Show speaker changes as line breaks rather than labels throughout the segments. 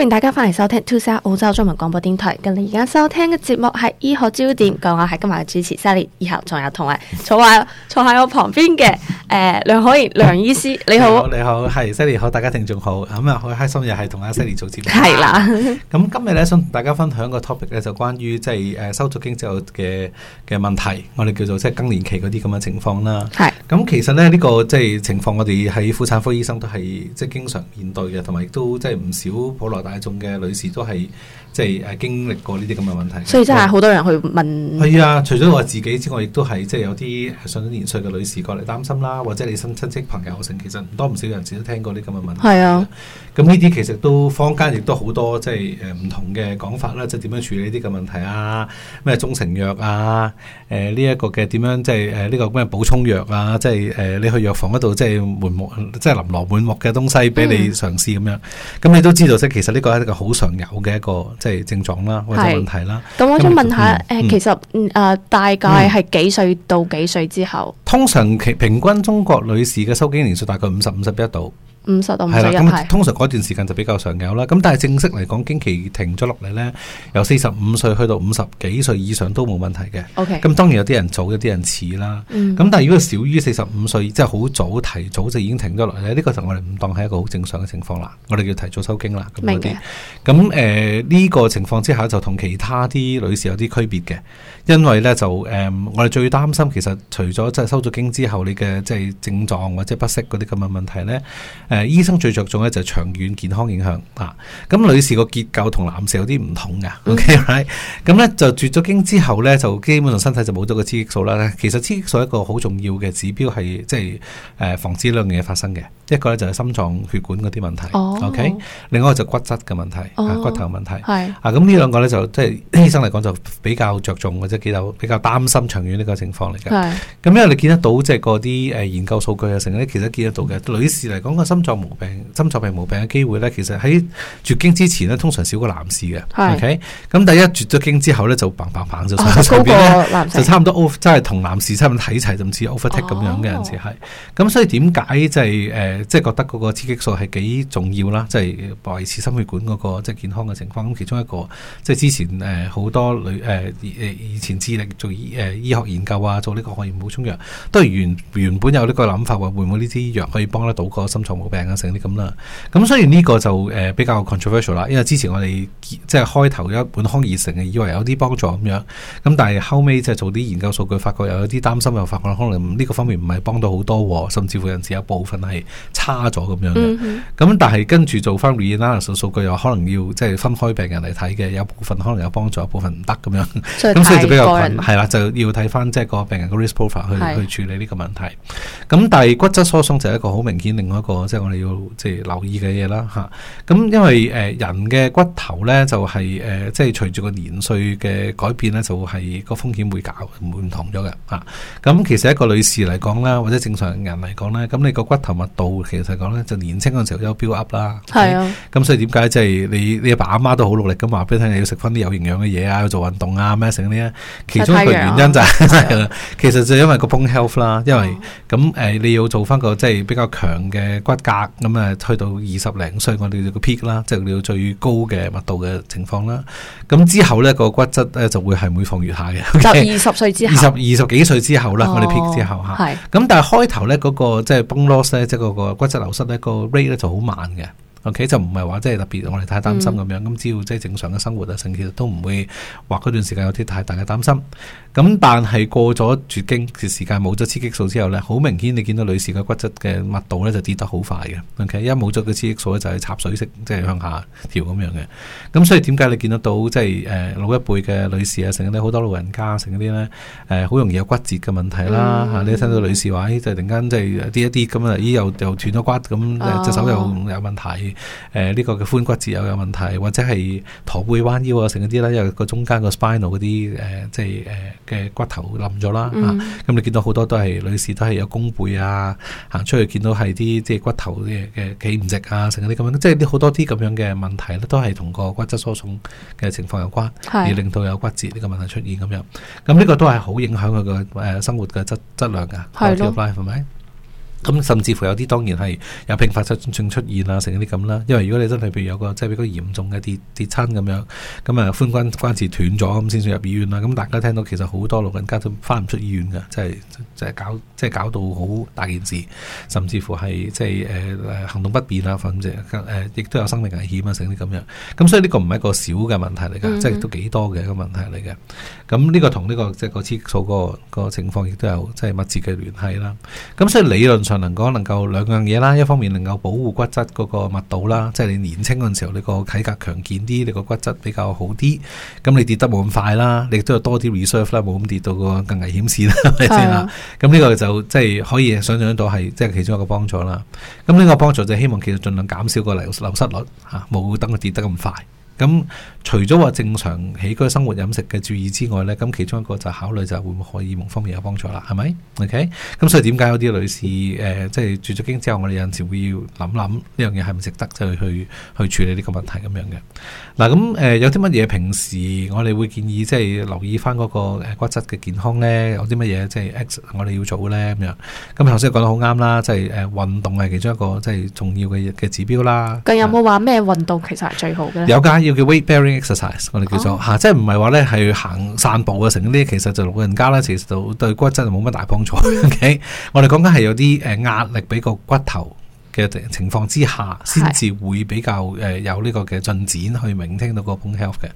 歡迎大家翻嚟收聽 To Sir 澳洲中文廣播電台。咁而家收聽嘅節目係醫學焦點，咁我係今日嘅主持 Sally，以後仲有同位坐喺坐喺我旁邊嘅誒梁浩然梁醫師，
你好， 你好，係 Sally 好，大家聽眾好，咁啊好開心又係同阿 Sally 做節
目。係是啦，
咁今日咧想同大家分享一個 topic 咧，就關於即係誒收咗經之後嘅嘅問題，我哋叫做即係更年期嗰啲咁嘅情況啦。
係咁是，其
實咧呢個即係情況，我哋喺婦產科醫生都係即係經常面對嘅，同埋亦都即係唔少普羅大眾嘅女士都係。即係誒經歷過呢啲咁嘅問題，所以真係好多
人去問。係啊，除咗我
自己之外，亦都係即係有啲上咗年歲嘅女士過嚟擔心啦，或者你親親戚朋友其實唔多唔少人士都聽過呢咁嘅問題。係啊，咁呢啲其實都坊間亦都好多即係誒唔同嘅講法啦，即係點樣處理呢啲咁嘅問題啊？咩中成藥啊？誒呢一個嘅點樣即係誒呢個咩補充藥啊？即係誒、呃、你去藥房嗰度即係滿目即係琳琅滿目嘅東西俾你嘗試咁、嗯、樣。咁你都知道即係其實呢個係一個好常有嘅一個。即係症狀啦，或者問題啦。咁我想問下，誒、嗯、其實
誒大概係幾歲到幾歲之後、嗯？
通常其平均中國女士嘅收經年數大概五十五十一度。
五十度唔使睇。咁通
常嗰段時間就比較常有啦。咁但係正式嚟講，經期停咗落嚟呢，由四十五歲去到五十幾歲以上都冇問題嘅。咁 Okay. 當然有啲人早，有啲人遲啦。咁、嗯、但係如果係少於四十五歲，即係好早提早就已經停咗落嚟，呢個就我哋唔當係一個好正常嘅情況啦。我哋叫提早收經啦。咁咁。明嘅。咁誒，呢，呃，呢個情況之下就同其他啲女士有啲區別嘅，因為呢，就誒、呃，我哋最擔心其實除咗即係收咗經之後，你嘅即係症狀或者不適嗰啲咁嘅問題呢。誒、呃、醫生最着重咧就係長遠健康影響啊！咁女士個結構同男士有啲唔同噶，咁咧就絕咗經之後咧，就基本上身體就冇咗個雌激素啦。其實雌激素一個好重要嘅指標係即係誒防止呢樣嘢發生嘅，一個咧就係心臟血管嗰啲問題、哦、OK？另外就係骨質嘅問題，哦啊、骨頭嘅問題，哦、啊咁呢兩個咧就、嗯、即係醫生嚟講就比較着重或者比較比較擔心長遠呢個情況嚟嘅。咁是因為你見得到即係嗰啲誒研究數據啊，成日你其實見得到嘅、嗯、女士嚟講個心。心臟毛病，病、心臟病毛病嘅機會咧，其實喺絕經之前咧，通常少過男士嘅。是 OK，咁第一絕咗經之後咧，就嘭嘭嘭就差唔多 over 即係同男士差唔多睇齊，甚似 overtake 咁樣嘅人。時係、哦。咁所以點解即係誒，即、呃、係、就是、覺得嗰個雌激素係幾重要啦？即係維持心血管嗰、那個即係、就是、健康嘅情況。咁其中一個即係、就是、之前誒好多女誒誒、呃、以前致力做誒醫學研究啊，做呢個荷爾蒙補充藥，都係原原本有呢個諗法話，會唔會呢支藥可以幫得到個心臟病啊，成啲咁啦。咁雖然呢個就比較 controversial 啦，因為之前我哋即係開頭有一本康二成嘅，以為有啲幫助咁樣。咁但係後尾即係做啲研究數據，發覺又有啲擔心，又發覺可能呢個方面唔係幫到好多，甚至乎有陣時有一部分係差咗咁樣嘅。咁、嗯、哼但係跟住做翻 re-analysis 數據，又可能要即係分開病人嚟睇嘅，有部分可能有幫助，有部分唔得咁樣。咁所，以所以就比較係啦人，就要睇翻即係個病人個 risk profile 去的去處理呢個問題。咁但係骨質疏鬆就係一個好明顯，另外一個即我哋要即係、就是、留意嘅嘢啦，吓、啊、咁因為誒、呃、人嘅骨頭咧就係、是、誒、呃、即係隨住個年歲嘅改變咧，就係、是、個風險會搞唔同咗嘅啊。咁、啊、其實一個女士嚟講啦或者正常人嚟講咧，咁你個骨頭密度其實講咧就年輕嘅時候有 build up 啦，
係啊。
咁所以點解即係你你阿爸阿媽都好努力咁話俾你聽，你要食翻啲有營養嘅嘢啊，要做運動啊，咩成呢？其中一個原因就係、是，其實就因為個 bone health 啦，因為咁誒、哦呃、你要做翻個即係比較強嘅骨架。咁、嗯、去到二十零歲，我哋個 peak 啦，即係我哋最高嘅密度嘅情況啦。咁之後咧，個骨質咧就會係每況愈下嘅。就二
十歲之後，二十
二十幾歲之後啦，我哋 peak 之後吓。係、哦。咁、嗯、但係開頭咧、嗰個，嗰個即係 bone loss 咧，即係嗰個骨質流失咧，個 rate 咧就好慢嘅。OK，就唔係話即係特別我哋太擔心咁樣，咁、嗯、只要即係正常嘅生活啊，成其實都唔會話嗰段時間有啲太大嘅擔心。咁但係過咗絕經嘅時間，冇咗雌激素之後呢，好明顯你見到女士嘅骨質嘅密度呢就跌得好快嘅。OK，一冇咗個雌激素咧就係插水式，即、就、係、是、向下調咁樣嘅。咁所以點解你見得到即係誒老一輩嘅女士啊，成嗰啲好多老人家、啊、成嗰啲咧誒好容易有骨折嘅問題啦。吓、嗯，你一聽到女士話，誒就突然間即係跌一啲咁啊，咦又又斷咗骨，咁隻手又有問題。哦誒，呢、呃這個嘅髖骨折又有問題，或者係駝背彎腰、呃呃嗯、啊，成嗰啲啦，因為個中間個 spinal 嗰啲誒，即係誒嘅骨頭冧咗啦。咁你見到好多都係女士都係有弓背啊，行出去見到係啲即係骨頭嘅嘅企唔直啊，成嗰啲咁樣，即係啲好多啲咁樣嘅問題咧，都係同個骨質疏鬆嘅情況有關，是而令到有骨折呢個問題出現咁樣。咁呢個都係好影響佢個誒生活嘅質質量噶。係咪的？咁甚至乎有啲當然係有併發症出現啊，成啲咁啦。因為如果你真係譬如有個即係比較嚴重嘅跌跌親咁樣，咁啊關關節斷咗咁先算入醫院啦、啊。咁大家聽到其實好多老人家都翻唔出醫院㗎，即係即搞即係搞到好大件事，甚至乎係即係行動不便啊，反正亦、呃、都有生命危險啊，成啲咁樣、啊。咁所以呢個唔係一個小嘅問題嚟㗎，mm hmm. 即係都幾多嘅一個問題嚟嘅。咁呢個同呢、這個即係、就是、個基礎個、那個情況亦都有即係密切嘅聯繫啦、啊。咁所以理論上。才能講能夠兩樣嘢啦，一方面能夠保護骨質嗰個密度啦，即係你年青嗰陣時候你個體格強健啲，你個骨質比較好啲，咁你跌得冇咁快啦，你都有多啲 reserve 啦，冇咁跌到個更危險線啦，係咪先啊？咁呢 個就即係可以想象到係即係其中一個幫助啦。咁呢個幫助就希望其實儘量減少個流失率嚇，冇等佢跌得咁快。咁除咗話正常起居生活飲食嘅注意之外咧，咁其中一個就考慮就會唔會荷爾蒙方面有幫助啦，係咪？OK？咁所以點解有啲女士即係、呃就是、住咗經之後，我哋有陣時會要諗諗呢樣嘢係唔係值得，就是、去去處理呢個問題咁樣嘅。嗱、啊、咁、呃、有啲乜嘢平時我哋會建議即係留意翻嗰個骨質嘅健康咧？有啲乜嘢即係 X？我哋要做咧咁樣。咁頭先講得好啱啦，即係誒運動係其中一個即係重要嘅嘅指標啦。
咁有冇話咩運動其實係最好嘅？
有叫 weight-bearing exercise，我哋叫做吓、oh. 啊，即係唔係話咧係行散步啊，成啲其實就老人家咧，其實就對骨質就冇乜大幫助。 OK，我哋講緊係有啲誒壓力俾個骨頭。嘅情況之下，先至會比較誒有呢個嘅進展是去聆聽到嗰個 health 嘅。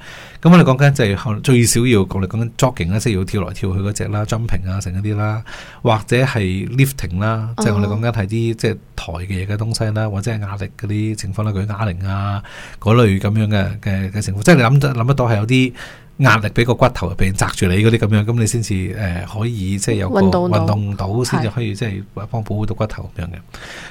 咁我哋講緊就係最少要我哋講緊 jogging 即係，要跳來跳去嗰隻啦，jumping 啊，成嗰啲啦，或者係 lifting 啦，即係我哋講緊係啲即係抬嘅嘢嘅東西啦，或者係壓力嗰啲情況啦，舉啞鈴啊嗰類咁樣嘅嘅嘅情況，即係、啊就是、你諗得諗得到係有啲。壓力俾個骨頭入邊砸住你嗰啲咁樣，咁你先至誒可以即係有個運動到，先至可以是即係幫保護到骨頭咁樣嘅。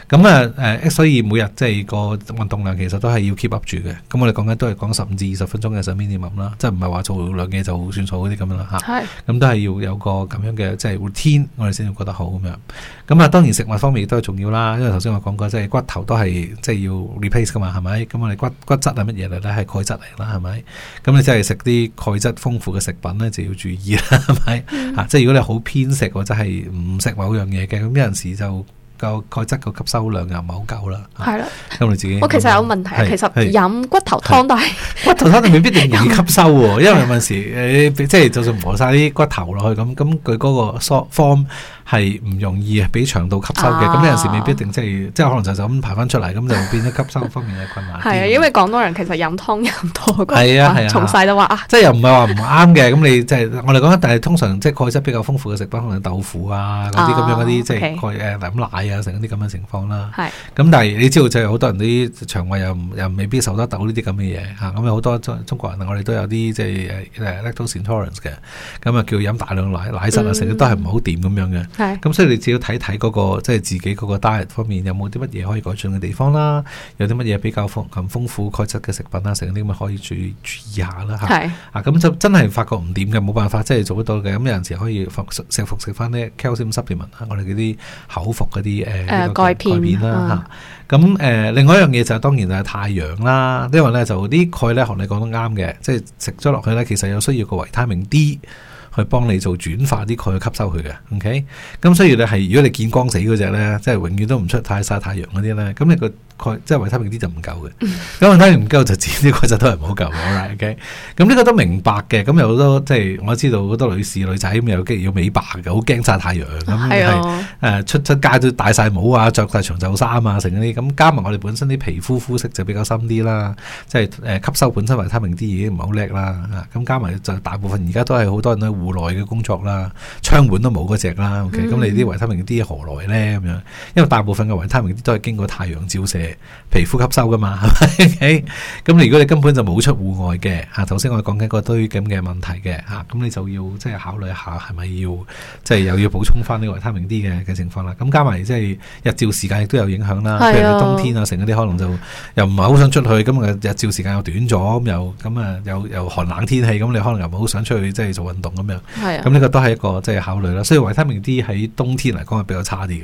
咁啊誒，所以每日即係個運動量其實都係要 keep up 住嘅。咁我哋講緊都係講十五至二十分鐘嘅 minimum 啦，即係唔係話做兩嘢就算數嗰啲咁樣啦吓。咁是都係要有個咁樣嘅即係 routine，我哋先至覺得好咁樣。咁啊，當然食物方面亦都係重要啦，因為頭先我講過，即係骨頭都係即係要 replace 噶嘛，係咪？咁我哋骨骨質係乜嘢嚟咧，係鈣質嚟啦，係咪？咁你即係食啲鈣質豐富嘅食品咧，就要注意啦，係咪？嗯、啊，即係如果你好偏食或者係唔食某樣嘢嘅，咁有陣時候就個鈣質嘅吸收量又唔係好夠啦。係啦的，咁、啊、你自己我其實有問題，是其實飲
骨頭湯，但係骨頭湯都未必一定容易吸
收喎， 因為有陣時誒，即係就算磨晒啲骨頭落去咁，咁佢嗰個縮係唔容易啊，俾腸道吸收嘅，咁呢陣時未必一定即係即係可能就就咁排翻出嚟，咁就變得吸收方面嘅困難係啊，
因為廣東人其實飲湯飲多，係啊係啊，從細都話啊，
即係又唔係話唔啱嘅，咁你即係我哋講，但係通常即係鈣質比較豐富嘅食品，可能豆腐啊嗰啲咁樣嗰啲即係鈣奶啊，成啲咁嘅情況啦。咁但係你知道，就係好多人啲腸胃又又未必受得到呢啲咁嘅嘢嚇，咁好多中國人我哋都有啲即係 lactose intolerance 嘅，咁啊叫飲大量奶奶實啊，成都係唔好掂咁樣嘅。係，咁是所以你只要睇睇嗰個即係、就是、自己嗰個 diet 方面有冇啲乜嘢可以改進嘅地方啦，有啲乜嘢比較豐含豐富鈣質嘅食品啦，成啲咁可以注注意下啦吓。係是，啊咁就真係發覺唔掂嘅，冇辦法，即、就、係、是、做得到嘅。咁有陣時可以服食服食翻啲 calcium supplement 我哋嗰啲口服嗰啲誒鈣片啦吓。咁誒、啊呃，另外一樣嘢就係、是、當然就係太陽啦，因為咧就啲鈣咧，學你講得啱嘅，即係食咗落去咧，其實有需要個維他命 D。去幫你做轉化啲鈣去吸收佢嘅，OK？咁所以你係如果你見光死嗰隻咧，即係永遠都唔出太晒太陽嗰啲咧，咁你個鈣即係維他命 D 就唔夠嘅。咁維他命唔夠就， 就自然啲鈣就都係唔好夠嘅啦，OK？咁呢個都明白嘅。咁有好多即係、就是、我知道好多女士女仔有啲要美白嘅，好驚晒太陽咁係出出街都戴晒帽啊，着晒長袖衫啊，成啲咁。加埋我哋本身啲皮膚膚色就比較深啲啦，即、就、係、是呃、吸收本身維他命 D 嘢唔係好叻啦，咁加埋就大部分而家都係好多人都，戶內嘅工作啦，窗門都冇嗰隻啦，OK？咁、嗯、你啲維他命 D 何來呢？咁樣，因為大部分嘅維他命 D 都係經過太陽照射皮膚吸收噶嘛，係咪？咁你如果你根本就冇出戶外嘅，啊，頭先我哋講緊嗰堆咁嘅問題嘅，嚇、啊，咁你就要即係、就是、考慮一下是不是，係咪要即係又要補充翻呢個維他命 D 嘅嘅情況啦？咁加埋即係日照時間亦都有影響啦，是啊、譬如冬天啊，成嗰啲可能就又唔係好想出去，咁、嗯、日照時間又短咗，咁、嗯、又咁啊又又寒冷天氣，咁你可能又唔係好想出去即係做運動咁樣。係啊，咁呢個都係一個即係考慮啦。所以維他命 D 喺冬天嚟講係比較差啲嘅。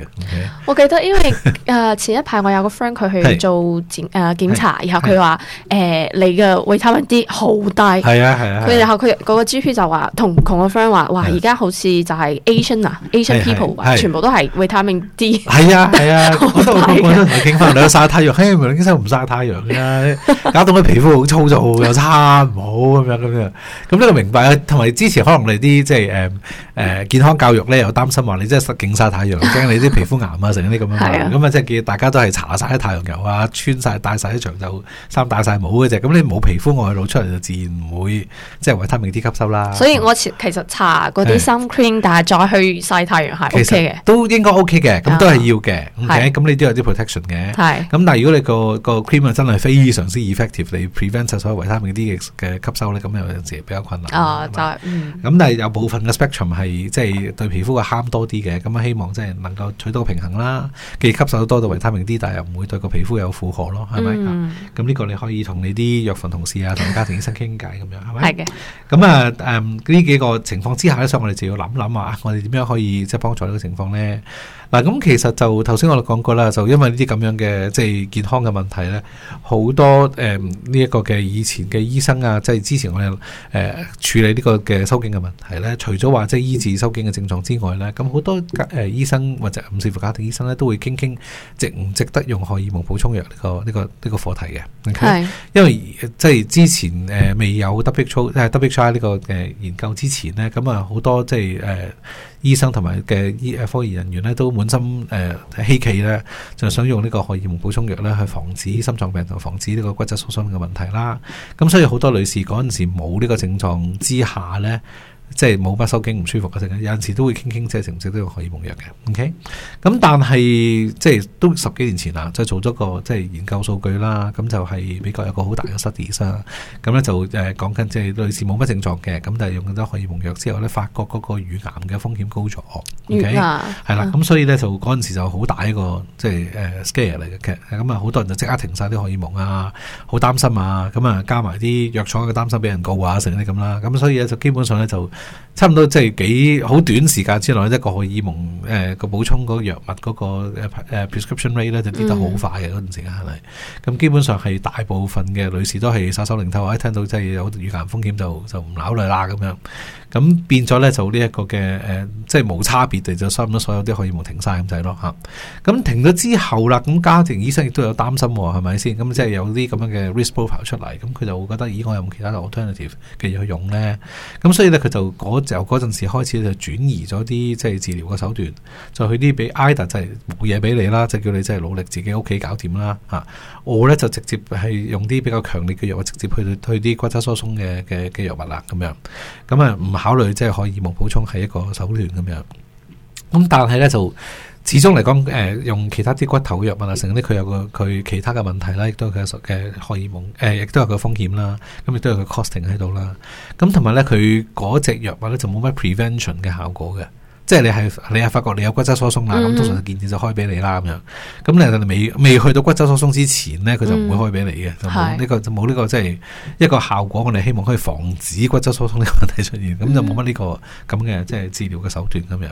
我記得因為誒前一排我有個 friend 佢去做檢誒檢查，然後佢話誒你嘅維他命 D 好低，係啊係啊。然後佢個 GP 就話同同我 friend 話，哇而家好似就係 Asian 啊，Asian people 全部都係維他命 D，係
啊係啊。我都好擔心聽翻你曬太陽，因為本身唔曬太陽㗎，搞到佢皮膚好粗糙又差唔好咁樣咁樣。咁呢個明白同埋之前可能你。啲即係誒誒健康教育咧，又擔心話你真係曬勁曬太陽，驚你啲皮膚癌啊，成啲咁樣。咁啊，即係叫大家都係搽晒啲太陽油啊，穿晒戴晒啲長袖，衫戴晒帽嘅啫。咁你冇皮膚外露出嚟，就自然唔會即係維他命 D 吸收啦。所以
我其實搽嗰啲 sun cream，但係再去曬太陽係 ok 嘅，
都應該 ok 嘅。咁都係要嘅，OK。咁你都有啲 protection 嘅。咁但係如果你個個 cream 啊真係非常之 effective，你 prevent 晒所有維他命 D 嘅吸收咧，咁有陣時比較困難。
咁
但有部分嘅 spectrum 係即係對皮膚嘅慳多啲嘅，咁啊希望即係能夠取到平衡啦，既吸收得多到維他命 D，但係又唔會對個皮膚有負荷咯，係咪？咁呢、嗯、個你可以同你啲藥房同事啊，同家庭醫生傾偈咁樣，係咪？係嘅的。咁啊，誒、嗯、呢幾個情況之下咧，所以我哋就要諗諗啊，我哋點樣可以即係幫助呢個情況咧？嗱，咁其實就頭先我哋講過啦，就因為呢啲咁樣嘅即係健康嘅問題咧，好多誒呢一個嘅以前嘅醫生啊，即係之前我哋誒處理呢個嘅收驚嘅問題咧，除咗話即係醫治收驚嘅症狀之外咧，咁好多誒醫生或者唔少乎家庭醫生咧，都會傾傾值唔值得用荷爾蒙補充藥呢個呢個呢個課題嘅。是因為即係之前誒未有 WHI 誒 WHI 呢個嘅研究之前咧，咁啊好多即係醫生同埋嘅醫科研人員咧都滿心誒希冀咧，就想用呢個荷爾蒙補充藥咧去防止心臟病同防止呢個骨質疏鬆嘅問題啦。咁所以好多女士嗰陣時冇呢個症狀之下咧。即係冇乜收經唔舒服嗰陣，有陣時候都會傾傾，即係成績都荷爾蒙藥嘅。OK，咁但係即係都十幾年前啦，就做咗個即係研究數據啦，咁就係美國有個好大嘅 study 啦，咁咧就誒、啊、講緊即係類似冇乜症狀嘅，咁但就用咗荷爾蒙藥之後咧，發覺嗰個乳癌嘅風險高咗。OK，係啦，咁所以咧就嗰陣時就好大一個即係誒、uh, scare 嚟嘅，咁啊好多人就即刻停晒啲荷爾蒙啊，好擔心啊，咁啊加埋啲藥廠嘅擔心俾人告啊，成嗰啲咁啦，咁所以咧就基本上咧就。差唔多即係幾好短時間之內一即荷爾蒙誒、呃那個補充嗰個藥物嗰個誒 prescription rate 咧就跌得好快嘅嗰陣時間嚟，咁基本上係大部分嘅女士都係撒手擰頭，一、哎、聽到即係有語言風險就就唔考慮啦咁樣，咁變咗咧就呢一個嘅誒、呃、即係無差別地就差唔多所有啲荷爾蒙停晒咁制咯吓，咁停咗之後啦，咁家庭醫生亦都有擔心喎，係咪先？咁即係有啲咁樣嘅 risks 報告出嚟，咁佢就會覺得咦，我有冇其他 alternative 嘅嘢去用咧？咁所以咧佢就。嗰就嗰陣時開始就轉移咗啲即係治療嘅手段，就去啲俾挨打就係冇嘢俾你啦，即係叫你即係努力自己屋企搞掂啦吓。我咧就直接係用啲比較強烈嘅藥物，直接去去啲骨質疏鬆嘅嘅嘅藥物啦咁樣。咁啊唔考慮即係可以冇補充係一個手段咁樣。咁、嗯、但係咧就。始終嚟講，誒、呃、用其他啲骨頭藥物啊，成嗰啲佢有個佢其他嘅問題啦，亦都有佢嘅荷爾蒙，誒亦都有個風險啦，咁亦都有個 costing 喺度啦，咁同埋咧佢嗰隻藥物咧就冇乜 prevention 嘅效果嘅。即係你係你係發覺你有骨質疏鬆啦，咁通常嘅建議就開俾你啦咁樣。咁你未未去到骨質疏鬆之前咧，佢就唔會開俾你嘅，就呢、呢個就冇呢個即係一個效果。我哋希望可以防止骨質疏鬆呢個問題出現，咁、mm hmm. 就冇乜呢個咁嘅即係治療嘅手段咁樣。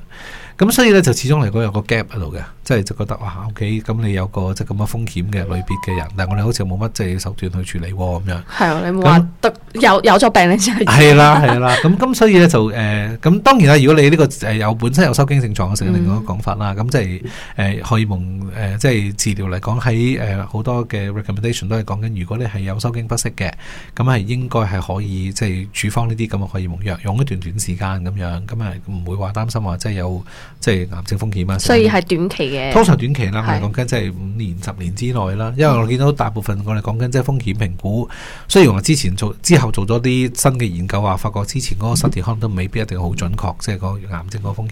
咁所以咧就始終嚟講有個 gap 喺度嘅，即係就覺得哇，OK，咁你有個即咁嘅風險嘅類別嘅人，但我哋好似冇乜即係手段去處理喎咁樣。
係啊，你冇話得咁有有咗病你先係。係啦，係
啦。咁咁所以咧就誒，咁、呃、當然啦，如果你呢、呢個、呃、有本本身有收經症狀嘅成另外一個講法啦，咁即係誒荷爾蒙誒，即、呃、係、就是、治療嚟講喺誒好多嘅 recommendation 都係講緊，如果你係有收經不適嘅，咁係應該係可以即係、就是、處方呢啲咁嘅荷爾蒙藥，用一段短時間咁樣，咁啊唔會話擔心話即係有即係、就是、癌症風險啊。所以
係短期嘅，通常
短期啦，我哋講緊即係五年十年之內啦。因為我見到大部分我哋講緊即係風險評估，雖然、嗯、我之前做之後做咗啲新嘅研究話，發覺之前嗰個 study、嗯、可能都未必一定好準確，即、就、係、是、個癌症個風。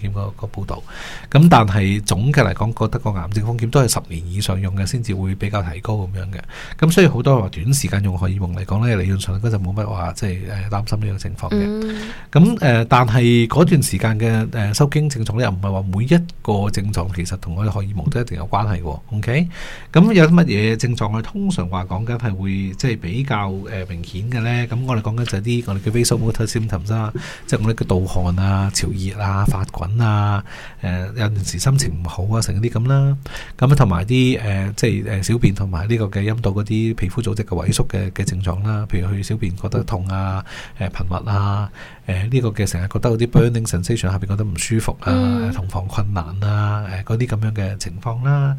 道，咁、嗯、但係總嘅嚟講，覺得個癌症風險都係十年以上用嘅先至會比較提高咁樣嘅。咁所以好多話短時間用荷爾蒙嚟講咧，理論上就冇乜話即係誒擔心呢個情況嘅。咁、呃、但係嗰段時間嘅、呃、收經症狀咧，又唔係話每一個症狀其實同我哋荷爾蒙都一定有關係喎。嗯、OK，咁有乜嘢症狀去通常話講緊係會即係比較誒明顯嘅咧？咁我哋講緊就係啲我哋叫 vasomotor symptoms 啊，即係我哋嘅盜汗啊、潮熱啊、發滾。嗯啊，誒、啊、有陣時心情唔好啊，成啲咁啦，咁同埋啲誒，即係誒小便同埋呢個嘅陰道嗰啲皮膚組織嘅萎縮嘅嘅症狀啦，譬、啊、如去小便覺得痛啊，誒、啊、頻密啊，誒、啊、呢、啊這個嘅成日覺得嗰啲 burning sensation 下、啊、邊覺得唔舒服啊，啊，同房困難啊，誒嗰啲咁樣嘅情況啦、啊。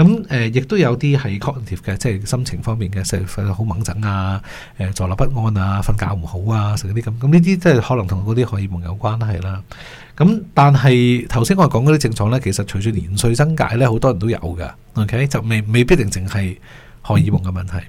咁亦、嗯、都有啲係 cognitive 嘅，即係心情方面嘅，瞓得好掹枕啊，誒坐立不安啊，瞓覺唔好啊，嗰啲咁，咁呢啲即係可能同嗰啲荷爾蒙有關係啦。咁、嗯、但係頭先我講嗰啲症狀咧，其實隨住年歲增解咧，好多人都有㗎。o、okay? k 就未未必定淨係荷爾蒙嘅問題。咁、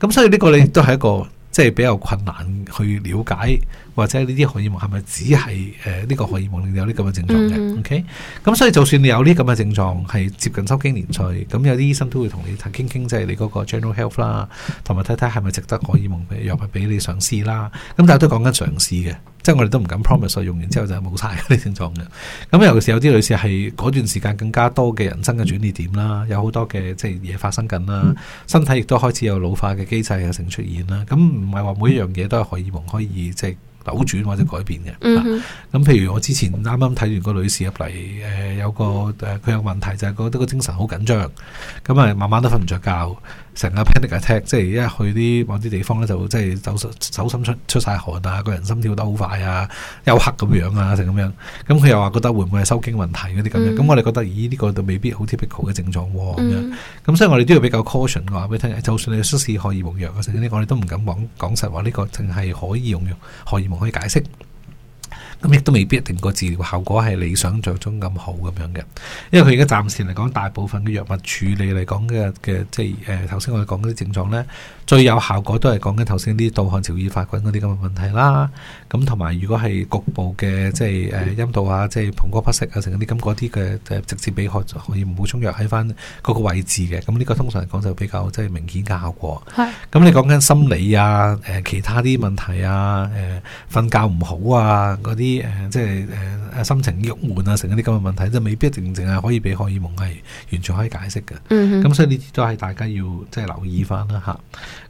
嗯嗯、所以呢個你都係一個即係、就是、比較困難去了解。或者呢啲荷爾蒙係咪只係誒呢個荷爾蒙令你有啲咁嘅症狀嘅、嗯、？OK，咁所以就算你有呢咁嘅症狀係接近收經年歲，咁有啲醫生都會同你傾傾，即係你嗰個 general health 啦，同埋睇睇係咪值得荷爾蒙藥物俾你嘗試啦。咁但係都講緊嘗試嘅，即係我哋都唔敢 promise，用完之後就冇晒呢啲症狀嘅。咁尤其是有啲女士係嗰段時間更加多嘅人生嘅轉捩點啦，有好多嘅即係嘢發生緊啦，身體亦都開始有老化嘅機制嘅性出現啦。咁唔係話每一樣嘢都係荷爾蒙可以即係扭轉或者改變嘅，咁譬如我之前啱啱睇完個女士入嚟，誒，有個誒，佢有問題就係覺得個精神好緊張，咁啊，晚晚都瞓唔着覺。成個 panic attack，即係一去啲某啲地方咧，就即係手手心出出曬汗啊，個人心跳得好快啊，休克咁樣啊，成咁樣，咁佢又話覺得會唔會係收經問題嗰啲咁樣，咁、嗯、我哋覺得咦呢個都未必好 typical 嘅症狀喎咁咁所以我哋都要比較 caution 話俾你聽，就算你出事，荷爾蒙藥嘅，呢先我哋都唔敢講講實話，呢個淨係可以用用荷爾蒙可以解釋。咁亦都未必一定個治療效果係你想象中咁好咁樣嘅，因為佢而家暫時嚟講，大部分嘅藥物處理嚟講嘅嘅，即係誒，頭先我哋講嗰啲症狀咧。最有效果都係講緊頭先啲盜汗潮熱發菌嗰啲咁嘅問題啦，咁同埋如果係局部嘅即係誒陰道啊，即係盆骨不適啊，成啲咁嗰啲嘅誒直接俾荷荷爾蒙補充藥喺翻嗰個位置嘅，咁呢個通常嚟講就比較即係明顯嘅效果。係是。咁你講緊心理啊，誒其他啲問題啊，誒、呃、瞓覺唔好啊，嗰啲誒即係誒、呃、心情鬱悶啊，成啲咁嘅問題，即未必一定淨係可以俾荷爾蒙係完全可以解釋嘅。嗯咁哼所以呢啲都係大家要即係留意翻啦嚇。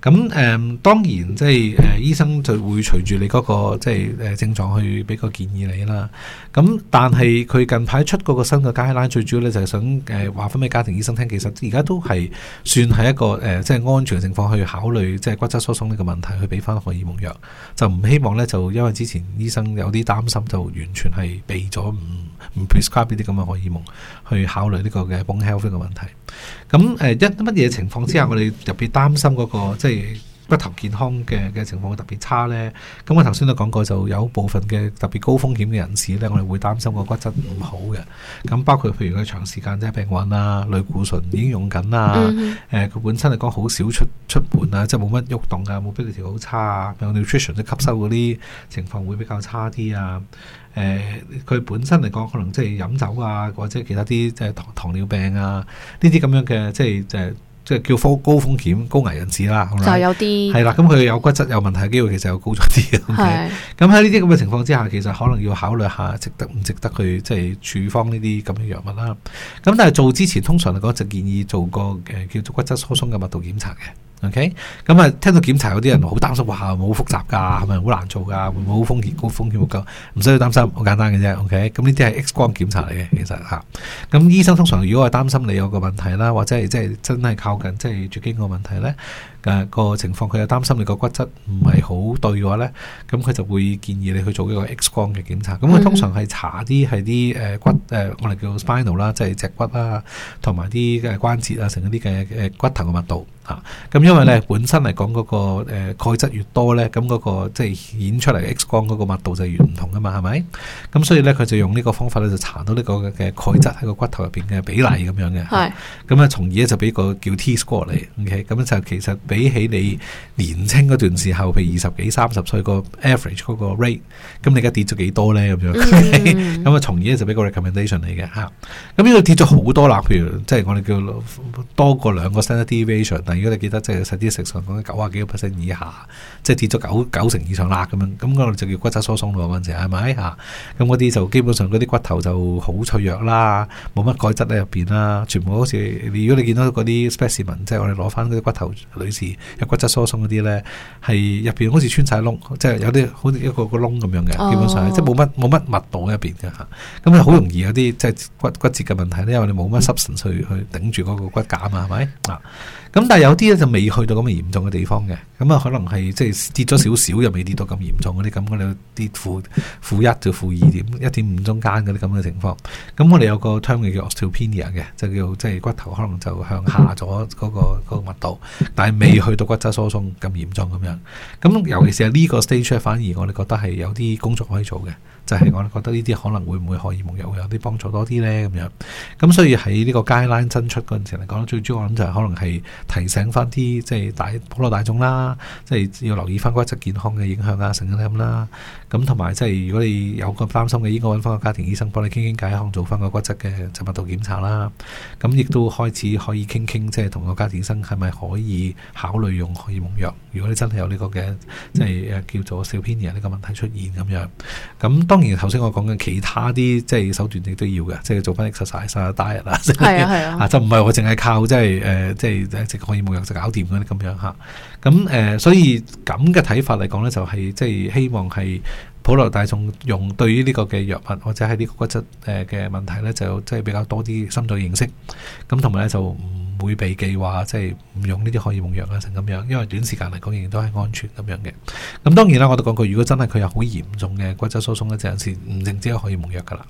咁誒，當然即係誒，醫生就會隨住你嗰個即係誒症狀去俾個建議你啦。咁但係佢近排出嗰個新嘅加拉，最主要咧就係想誒話翻俾家庭醫生聽，其實而家都係算係一個誒即係安全嘅情況去考慮，即係骨質疏鬆呢個問題，去俾翻荷爾蒙藥，就唔希望咧就因為之前醫生有啲擔心，就完全係避咗唔。唔 prescribe 呢啲咁嘅荷爾蒙去考慮呢個嘅 bone health 嘅問題。咁誒一啲乜嘢情況之下，我哋特別擔心嗰、那個即係。骨頭健康嘅嘅情況會特別差咧，咁我頭先都講過，就有部分嘅特別高風險嘅人士咧，我哋會擔心個骨質唔好嘅。咁包括譬如佢長時間即係病患啊，類固醇已經用緊啦，誒佢、嗯呃、本身嚟講好少出出門啊，即係冇乜喐動啊，mobility 好差啊，有 nutrition 即吸收嗰啲情況會比較差啲啊。誒、呃、佢本身嚟講可能即係飲酒啊，或者其他啲即係糖糖尿病啊呢啲咁樣嘅即係誒。呃即係叫高高風險高危人士啦，就
有啲係
啦，咁佢有骨質有問題嘅機會其實又高咗啲。咁喺呢啲咁嘅情況之下，其實可能要考慮下值得唔值得去即係處方呢啲咁嘅藥物啦。咁但係做之前通常嚟講就建議做個誒叫做骨質疏鬆嘅密度檢查嘅。O K，咁啊，聽到檢查有啲人好擔心，話好複雜噶，係咪好難做噶？會唔會好風險、高風險會夠？唔需要擔心，好簡單嘅啫。O K，咁呢啲係 X 光檢查嚟嘅，其實吓，咁、嗯嗯嗯、醫生通常如果係擔心你有個問題啦，或者係即係真係靠近，即係絕經個問題咧。誒、啊、個情況，佢又擔心你個骨質唔係好對嘅話咧，咁佢就會建議你去做呢個 X 光嘅檢查。咁佢通常係查啲係啲誒骨誒、啊，我哋叫 spinal 啦、啊，即、就、係、是、脊骨啦，同埋啲嘅關節啊，成嗰啲嘅誒骨頭嘅密度啊。咁、啊、因為咧本身嚟講嗰個誒、呃、鈣質越多咧，咁嗰、那個即係、就是、顯出嚟嘅 X 光嗰個密度就係越唔同噶嘛，係咪？咁所以咧佢就用呢個方法咧就查到呢、這個嘅鈣質喺個骨頭入邊嘅比例咁樣嘅。係是。咁啊，從而咧就俾個叫 T-score 嚟，OK？咁咧就其實。比起你年青嗰段時候，譬如二十幾、三十歲個 average 嗰個 rate，咁你而家跌咗幾多咧？咁樣咁啊，hmm. 從而咧就俾個 recommendation 嚟嘅嚇。咁呢度跌咗好多啦，譬如即係我哋叫多過兩個 standard deviation，但如果你記得即係 statistics 上講緊九啊幾個 percent 以下，即係跌咗九九成以上啦咁樣。咁我哋就叫骨質疏鬆喎，嗰陣時係咪嚇？咁嗰啲就基本上嗰啲骨頭就好脆弱啦，冇乜鈣質喺入邊啦，全部好似如果你見到嗰啲 specimen，即係我哋攞翻嗰啲骨頭類似。有骨質疏鬆嗰啲咧，係入邊好似穿晒窿，即係有啲好似一個個窿咁樣嘅，oh. 基本上即係冇乜冇乜密度入邊嘅吓，咁你好容易有啲即係骨骨折嘅問題咧，因為你冇乜吸收去去頂住嗰個骨架啊嘛，係咪啊？咁但係有啲咧就未去到咁嘅嚴重嘅地方嘅，咁啊可能係即係跌咗少少又未跌到咁嚴重嗰啲咁，1, 2, 我哋跌負一到負二點一點五中間嗰啲咁嘅情況。咁我哋有個 term 嘅叫 osteopenia 嘅，就叫即係骨頭可能就向下咗嗰個嗰個密度，但係未去到骨質疏鬆咁嚴重咁樣。咁尤其是喺呢個 stage 反而我哋覺得係有啲工作可以做嘅。就係我覺得呢啲可能會唔會荷爾蒙藥會有啲幫助多啲呢？咁樣，咁所以喺呢個 guideline 增出嗰陣時嚟講，最主要我諗就係可能係提醒翻啲即係大普羅大眾啦，即係要留意翻骨質健康嘅影響啊，成咁啦。咁同埋即係如果你有咁擔心嘅，應該搵翻個家庭醫生幫你傾傾解康，做翻個骨質嘅密度檢查啦。咁亦都開始可以傾傾，即係同個家庭醫生係咪可以考慮用荷爾蒙藥？如果你真係有呢個嘅，即係叫做 osteopenia 呢個問題出現咁樣，咁當然頭先我講緊其他啲即係手段你都要嘅，即係做翻 exercise 啊，啊、diet、啊、就唔係我淨係靠即係誒，即係直可以冇藥就搞掂嗰啲咁樣咁、呃、所以咁嘅睇法嚟講咧，就係、是、即係希望係普羅大眾用對於呢個嘅藥物或者係呢個骨質嘅問題咧，就即係比較多啲深度認識，咁同埋咧就。會被計劃，即係唔用呢啲可以蒙藥啊，成咁樣，因為短時間嚟講仍然都係安全咁樣嘅。咁當然啦，我都講過，如果真係佢有好嚴重嘅骨質疏鬆嘅陣時不，唔只止可以蒙藥噶啦。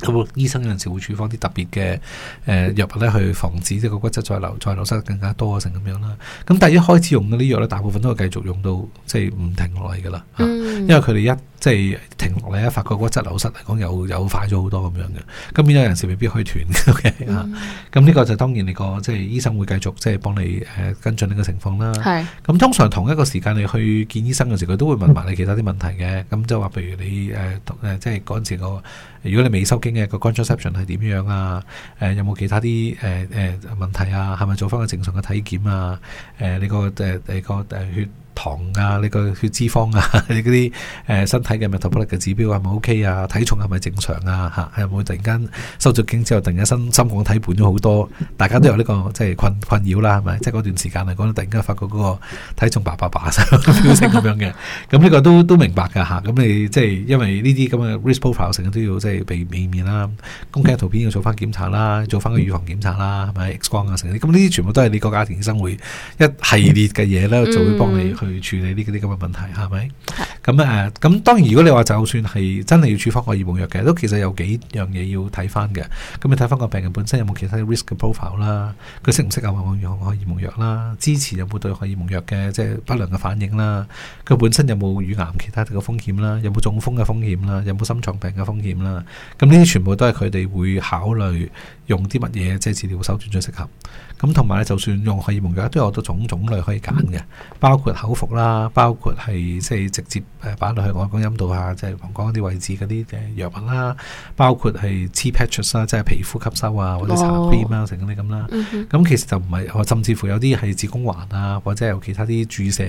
咁，醫生有陣時會處方啲特別嘅誒藥物咧，去防止即係個骨質再流再流失更加多成咁樣啦。咁但係一開始用嗰啲藥咧，大部分都係繼續用到即係唔停落嚟噶啦。嗯、因為佢哋一即係、就是、停落嚟，一發覺骨質流失嚟講又又快咗好多咁樣嘅。咁變咗有陣時未必可以斷嘅。咁呢個就當然你個即係醫生會繼續即係、就是、幫你誒、呃、跟進呢個情況啦。咁是通常同一個時間你去見醫生嘅時候，佢都會問埋你其他啲問題嘅。咁就話譬如你誒即係嗰陣時我如果你未收嘅個 contraception 係點樣啊？誒、呃，有冇其他啲誒誒問題啊？係咪做翻個正常嘅體檢啊？誒、呃，你個誒、呃，你個誒血糖啊，你個血脂肪啊，你嗰啲誒身體嘅 m o 特布力嘅指標係咪 OK 啊？體重係咪正常啊？嚇係唔會突然間收咗緊之後，突然間身心臟體胖咗好多？大家都有呢、這個即係困困擾啦，係咪？即係嗰段時間啊，講到突然間發覺嗰個體重爆爆爆成咁樣嘅，咁呢 個都都明白嘅吓。咁、啊、你即係因為呢啲咁嘅 risk factor 成日都要即係避免啦。宮頸圖片要做翻檢查啦，做翻個乳防檢查啦，咪 X 光啊，成咁呢啲全部都係你各家醫生會一系列嘅嘢啦，就會幫你去、嗯。去處理呢啲咁嘅問題，係咪？咁誒的，咁、啊、當然，如果你話就算係真係要處方個耳蒙藥荷爾蒙藥嘅，都其實有幾樣嘢要睇翻嘅。咁你睇翻個病人本身有冇其他 risk profile 啦，佢適唔適合用荷爾蒙藥？可唔可以荷爾蒙藥啦？支持有冇對荷爾蒙藥嘅即係不良嘅反應啦？佢本身有冇乳癌其他嘅風險啦？有冇中風嘅風險啦？有冇心臟病嘅風險啦？咁呢啲全部都係佢哋會考慮用啲乜嘢即係治療手段最適合。咁同埋咧，就算用荷爾蒙藥，都有好多種種類可以揀嘅，嗯、包括口服啦，包括係即係直接誒擺落去外觀陰道啊，即係膀胱啲位置嗰啲嘅藥物啦，包括係貼 patch 啦，即係皮膚吸收啊，或者搽片啊，成啲咁啦。咁等、嗯、哼其實就唔係，甚至乎有啲係子宮環啊，或者有其他啲注射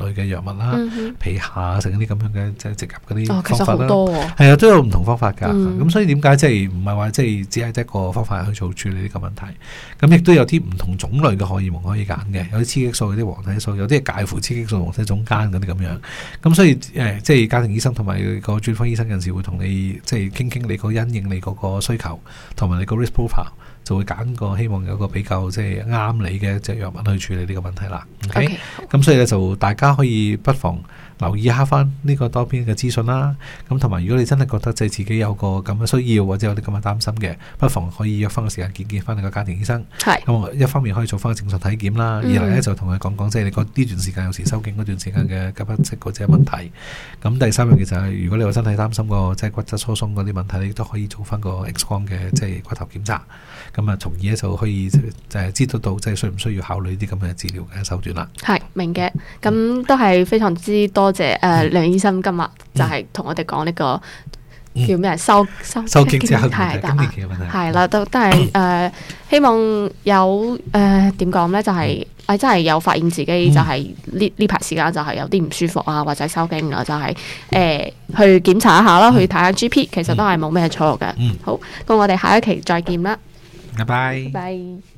類嘅藥物啦，嗯、哼皮下成啲咁樣嘅即係直入嗰啲方法啦。係啊、哦哦，都有唔同方法㗎。咁、嗯、所以點解即係唔係話即係只係一個方法去做處理呢個問題？咁亦都有啲唔唔同種類嘅荷爾蒙可以揀嘅，有啲雌激素，有啲黃體素，有啲係介乎雌激素黃體中間嗰啲咁樣。咁所以誒，即、欸、係、就是、家庭醫生同埋個專科醫生，有時會同你即係傾傾你個因應你嗰個需求，同埋你個 risk profile，就會揀個希望有個比較即係啱你嘅一隻藥物去處理呢個問題啦。OK，咁所以咧就大家可以不妨。留意下翻呢個多邊嘅資訊啦，咁同埋如果你真係覺得即係自己有個咁嘅需要或者有啲咁嘅擔心嘅，不妨可以約翻個時間見見翻你個家庭醫生。係咁是，一方面可以做翻個正常體檢啦，二嚟咧就同佢講講即係、就是、你呢段時間有時收緊嗰段時間嘅急不適者啲問題。咁第三樣嘢就係、是、如果你有真係擔心個即係骨質疏鬆嗰啲問題，你都可以做翻個 X 光嘅即係骨頭檢查。咁啊從而咧就可以就係知道到即係需唔需要考慮啲咁嘅治療嘅手段啦。
係明嘅，咁都係非常之多。多謝誒、呃、梁醫生今、這個，今日就係同我哋講呢個叫咩？收收收係啦，都都係誒，希望有誒點講咧，就係、是、誒、啊、真係有發現自己就係呢呢排時間就係有啲唔舒服啊，或者收經啊，就係、是、誒、呃、去檢查一下啦，嗯、去睇下 GP，其實都係冇咩錯嘅。嗯嗯、好，咁我哋下一期再見啦，拜拜拜。拜拜。